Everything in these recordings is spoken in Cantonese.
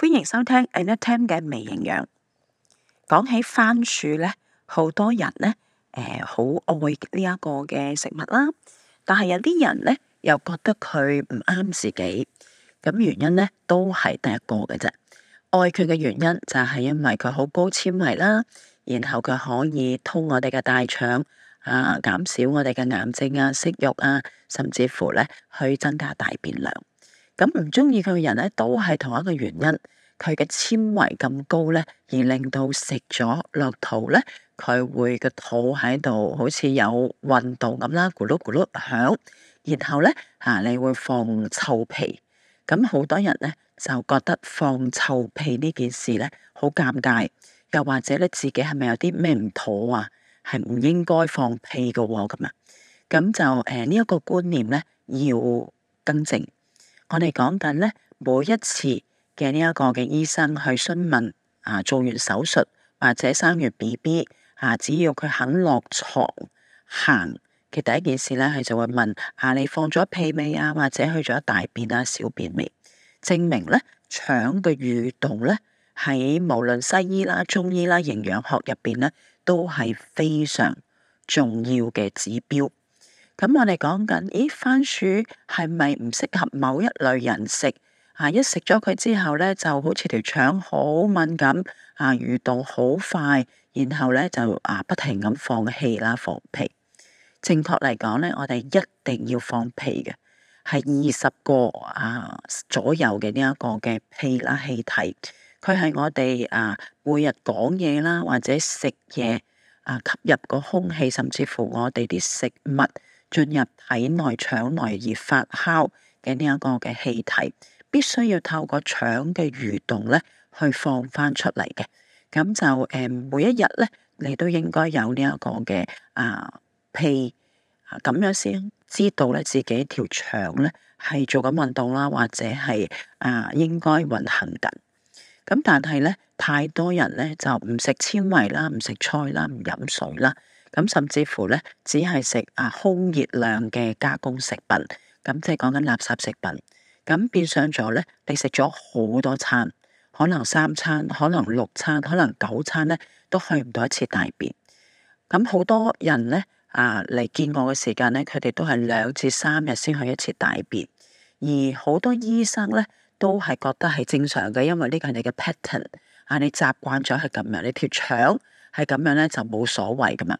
歡迎收聽 Annette Tam 嘅微營養。講起番薯咧，好多人咧，誒、呃，好愛呢一個嘅食物啦。但係有啲人咧，又覺得佢唔啱自己。咁原因咧，都係第一個嘅啫。愛佢嘅原因就係因為佢好高纖維啦，然後佢可以通我哋嘅大腸啊，減少我哋嘅癌症啊、息肉啊，甚至乎咧去增加大便量。咁唔中意佢嘅人咧，都係同一個原因，佢嘅纖維咁高咧，而令到食咗落肚咧，佢會個肚喺度好似有運動咁啦，咕嚕咕嚕響，然後咧吓、啊、你會放臭屁，咁好多人咧就覺得放臭屁呢件事咧好尷尬，又或者咧自己係咪有啲咩唔妥啊？係唔應該放屁噶咁啊？咁就誒呢一個觀念咧要更正。我哋講緊咧，每一次嘅呢一個嘅醫生去詢問啊，做完手術或者生完 BB 啊，只要佢肯落床行嘅第一件事咧，佢就會問啊，你放咗屁未啊，或者去咗大便啊、小便未？證明咧腸嘅蠕動咧，喺無論西醫啦、中醫啦、營養學入邊咧，都係非常重要嘅指標。咁我哋講緊，咦，番薯係咪唔適合某一類人食？啊，一食咗佢之後呢，就好似條腸好敏感，啊，蠕動好快，然後呢就啊不停咁放氣啦，放屁。正確嚟講呢，我哋一定要放屁嘅，係二十個啊左右嘅呢一個嘅屁啦、氣體，佢係我哋啊每日講嘢啦或者食嘢啊吸入個空氣，甚至乎我哋啲食物。進入體內腸內而發酵嘅呢一個嘅氣體，必須要透過腸嘅蠕動咧去放翻出嚟嘅。咁就誒，每一日咧，你都應該有呢一個嘅啊、呃、屁啊咁樣先知道咧自己條腸咧係做緊運動啦，或者係啊、呃、應該運行緊。咁但係咧，太多人咧就唔食纖維啦，唔食菜啦，唔飲水啦。咁甚至乎咧，只係食啊空熱量嘅加工食品，咁即係講緊垃圾食品。咁變相咗咧，你食咗好多餐，可能三餐，可能六餐，可能九餐咧，都去唔到一次大便。咁好多人咧，啊嚟見我嘅時間咧，佢哋都係兩至三日先去一次大便。而好多醫生咧，都係覺得係正常嘅，因為呢個係你嘅 pattern，啊，你習慣咗係咁樣，你條腸係咁樣咧就冇所謂噶嘛。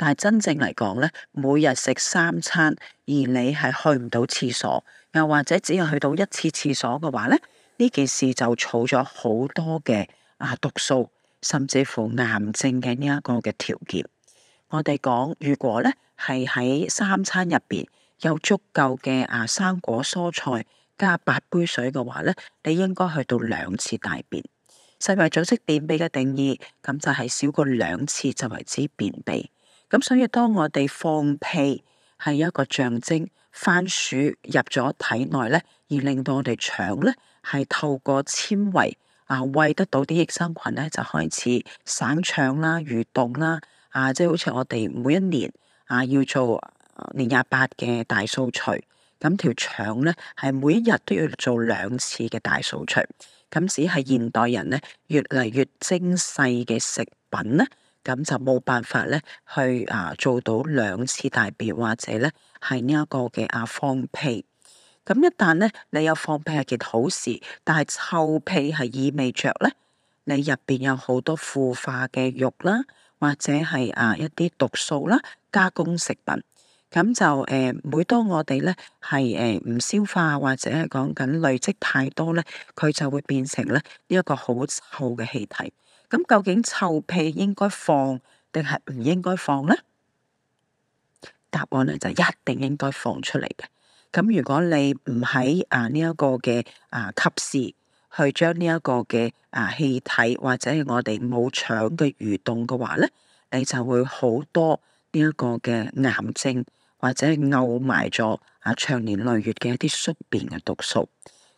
但係真正嚟講咧，每日食三餐，而你係去唔到廁所，又或者只係去到一次廁所嘅話咧，呢件事就儲咗好多嘅啊毒素，甚至乎癌症嘅呢一個嘅條件。我哋講，如果咧係喺三餐入邊有足夠嘅啊生果、蔬菜加八杯水嘅話咧，你應該去到兩次大便。世衛組織便秘嘅定義，咁就係少過兩次就為之便秘。咁所以當我哋放屁係一個象徵，番薯入咗體內咧，而令到我哋腸咧係透過纖維啊餵得到啲益生菌咧，就開始省腸啦、蠕動啦啊！即係好似我哋每一年啊要做年廿八嘅大掃除，咁條腸咧係每一日都要做兩次嘅大掃除。咁只係現代人咧越嚟越精細嘅食品咧。咁就冇辦法咧，去啊做到兩次大便，或者咧係呢一個嘅啊放屁。咁一旦咧你有放屁係件好事，但係臭屁係意味着咧你入邊有好多腐化嘅肉啦，或者係啊一啲毒素啦，加工食品。咁就誒，每當我哋咧係誒唔消化或者係講緊累積太多咧，佢就會變成咧呢一個好臭嘅氣體。咁究竟臭屁應該放定係唔應該放呢？答案咧就一定應該放出嚟嘅。咁如果你唔喺啊呢一個嘅啊及時去將呢一個嘅啊氣體或者係我哋冇腸嘅蠕動嘅話咧，你就會好多呢一個嘅癌症或者漚埋咗啊長年累月嘅一啲宿便嘅毒素。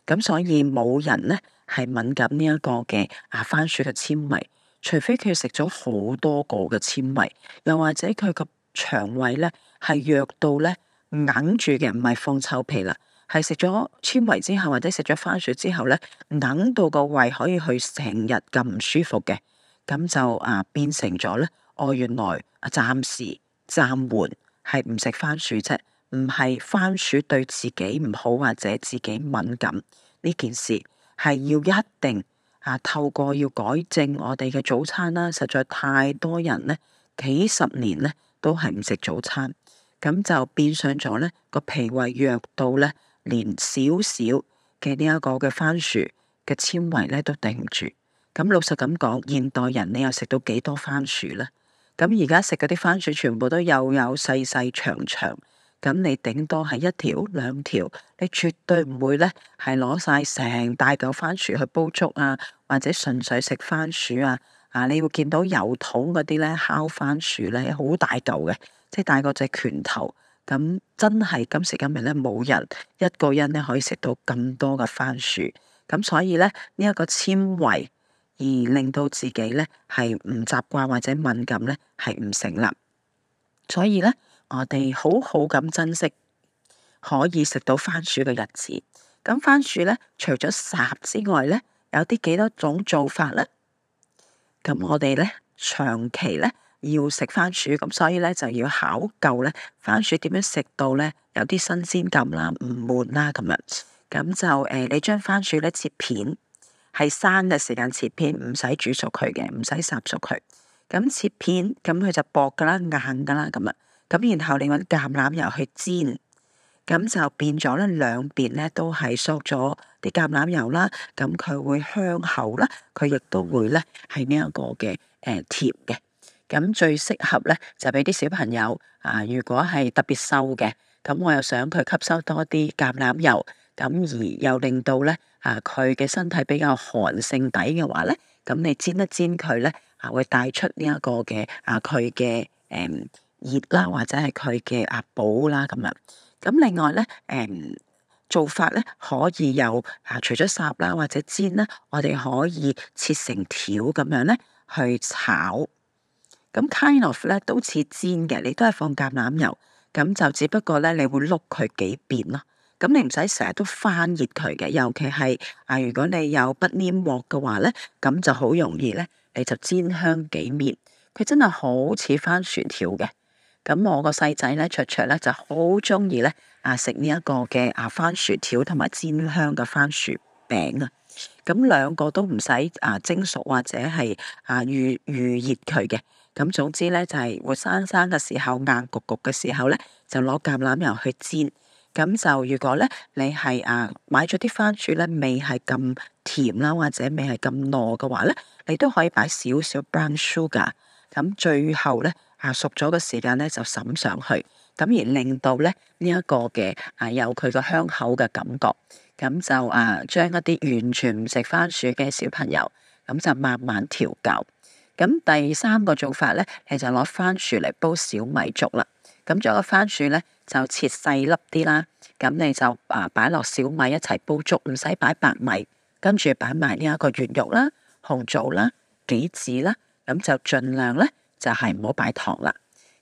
咁所以冇人咧，係敏感呢一個嘅啊，番薯嘅纖維，除非佢食咗好多個嘅纖維，又或者佢個腸胃咧係弱到咧硬住嘅，唔係放臭屁啦。係食咗纖維之後，或者食咗番薯之後咧，硬到個胃可以去成日咁唔舒服嘅，咁就啊變成咗咧，我、哦、原來暫時暫緩係唔食番薯啫，唔係番薯對自己唔好或者自己敏感呢件事。係要一定啊！透過要改正我哋嘅早餐啦，實在太多人呢幾十年呢都係唔食早餐，咁就變相咗呢個脾胃弱到呢連少少嘅呢一個嘅番薯嘅纖維呢都頂唔住。咁老實咁講，現代人你又食到幾多番薯呢？咁而家食嗰啲番薯全部都又有有細細長長。咁你頂多係一條兩條，你絕對唔會咧係攞晒成大嚿番薯去煲粥啊，或者純粹食番薯啊。啊，你會見到油桶嗰啲咧，烤番薯咧好大嚿嘅，即係大過隻拳頭。咁真係今時今日咧冇人一個人咧可以食到咁多嘅番薯。咁所以咧呢一個纖維而令到自己咧係唔習慣或者敏感咧係唔成立。所以咧。我哋好好咁珍惜可以食到番薯嘅日子。咁番薯咧，除咗烚之外咧，有啲幾多種做法咧。咁我哋咧，長期咧要食番薯，咁所以咧就要考究咧番薯點樣食到咧有啲新鮮感啦，唔悶啦咁樣。咁就誒、呃，你將番薯咧切片，係生嘅時間切片，唔使煮熟佢嘅，唔使烚熟佢。咁切片，咁佢就薄噶啦，硬噶啦，咁樣。咁然後你揾橄欖油去煎，咁就變咗咧兩邊咧都係索咗啲橄欖油啦。咁佢會香口啦，佢亦都會咧係呢一個嘅誒甜嘅。咁最適合咧就俾啲小朋友啊，如果係特別瘦嘅，咁我又想佢吸收多啲橄欖油，咁而又令到咧啊佢嘅身體比較寒性底嘅話咧，咁你煎一煎佢咧啊會帶出呢一個嘅啊佢嘅誒。熱啦，或者係佢嘅阿寶啦，咁樣。咁另外咧，誒、嗯、做法咧可以有啊，除咗烚啦或者煎啦，我哋可以切成條咁樣咧去炒。咁 kind of 咧都似煎嘅，你都係放橄欖油，咁就只不過咧你會碌佢幾遍咯。咁你唔使成日都翻熱佢嘅，尤其係啊，如果你有不粘鑊嘅話咧，咁就好容易咧，你就煎香幾面，佢真係好似番薯條嘅。咁我個細仔咧卓卓，咧就好中意咧啊食呢一個嘅啊番薯條同埋煎香嘅番薯餅啊，咁兩個都唔使啊蒸熟或者係啊預預熱佢嘅，咁、啊、總之咧就係、是、活生生嘅時候硬焗焗嘅時候咧就攞橄欖油去煎，咁就如果咧你係啊買咗啲番薯咧味係咁甜啦或者味係咁糯嘅話咧，你都可以擺少少 brown sugar，咁最後咧。啊熟咗嘅時間咧，就滲上去，咁而令到咧呢一個嘅啊有佢個香口嘅感覺，咁就啊將一啲完全唔食番薯嘅小朋友，咁就慢慢調教。咁第三個做法咧，你就攞番薯嚟煲小米粥啦。咁將個番薯咧就切細粒啲啦，咁你就啊擺落小米一齊煲粥，唔使擺白米，跟住擺埋呢一個圓肉啦、紅棗啦、杞子啦，咁就盡量咧，就係唔好擺糖啦，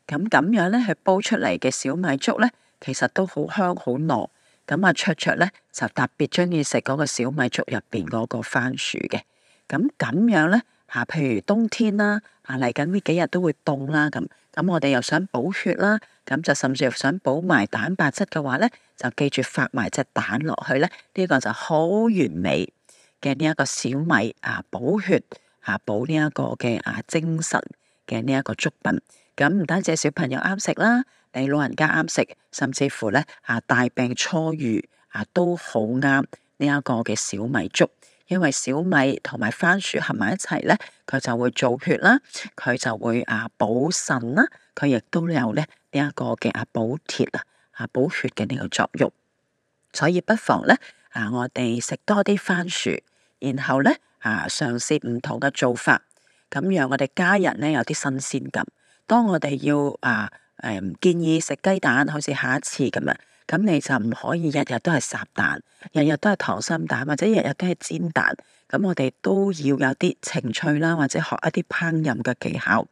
咁咁樣咧，佢煲出嚟嘅小米粥咧，其實都好香好糯。咁啊，卓卓咧就特別中意食嗰個小米粥入邊嗰個番薯嘅。咁咁樣咧，啊，譬如冬天啦，啊嚟緊呢幾日都會凍啦，咁咁我哋又想補血啦，咁就甚至又想補埋蛋白質嘅話咧，就記住發埋隻蛋落去咧，呢、這個就好完美嘅呢一個小米啊，補血啊，補呢一個嘅啊精神。嘅呢一個粥品，咁唔單止小朋友啱食啦，你老人家啱食，甚至乎咧啊大病初愈，啊都好啱呢一個嘅小米粥，因為小米同埋番薯合埋一齊咧，佢就會造血啦，佢就會啊補腎啦，佢亦都有咧呢一個嘅啊補鐵啊啊補血嘅呢個作用，所以不妨咧啊我哋食多啲番薯，然後咧啊嘗試唔同嘅做法。咁讓我哋家人咧有啲新鮮感。當我哋要啊誒、呃、建議食雞蛋，好似下一次咁樣，咁你就唔可以日日都係烚蛋，日日都係溏心蛋，或者日日都係煎蛋。咁我哋都要有啲情趣啦，或者學一啲烹飪嘅技巧。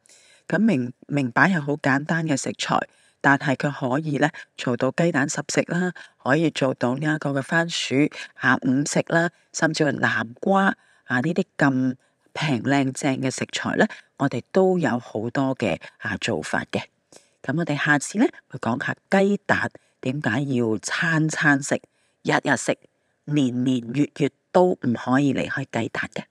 咁明明擺係好簡單嘅食材，但係佢可以咧做到雞蛋十食啦，可以做到呢一個嘅番薯啊五食啦，甚至乎南瓜啊呢啲咁。這平靚正嘅食材咧，我哋都有好多嘅啊做法嘅。咁我哋下次咧，會講下雞蛋點解要餐餐食、日日食、年年月月都唔可以離開雞蛋嘅。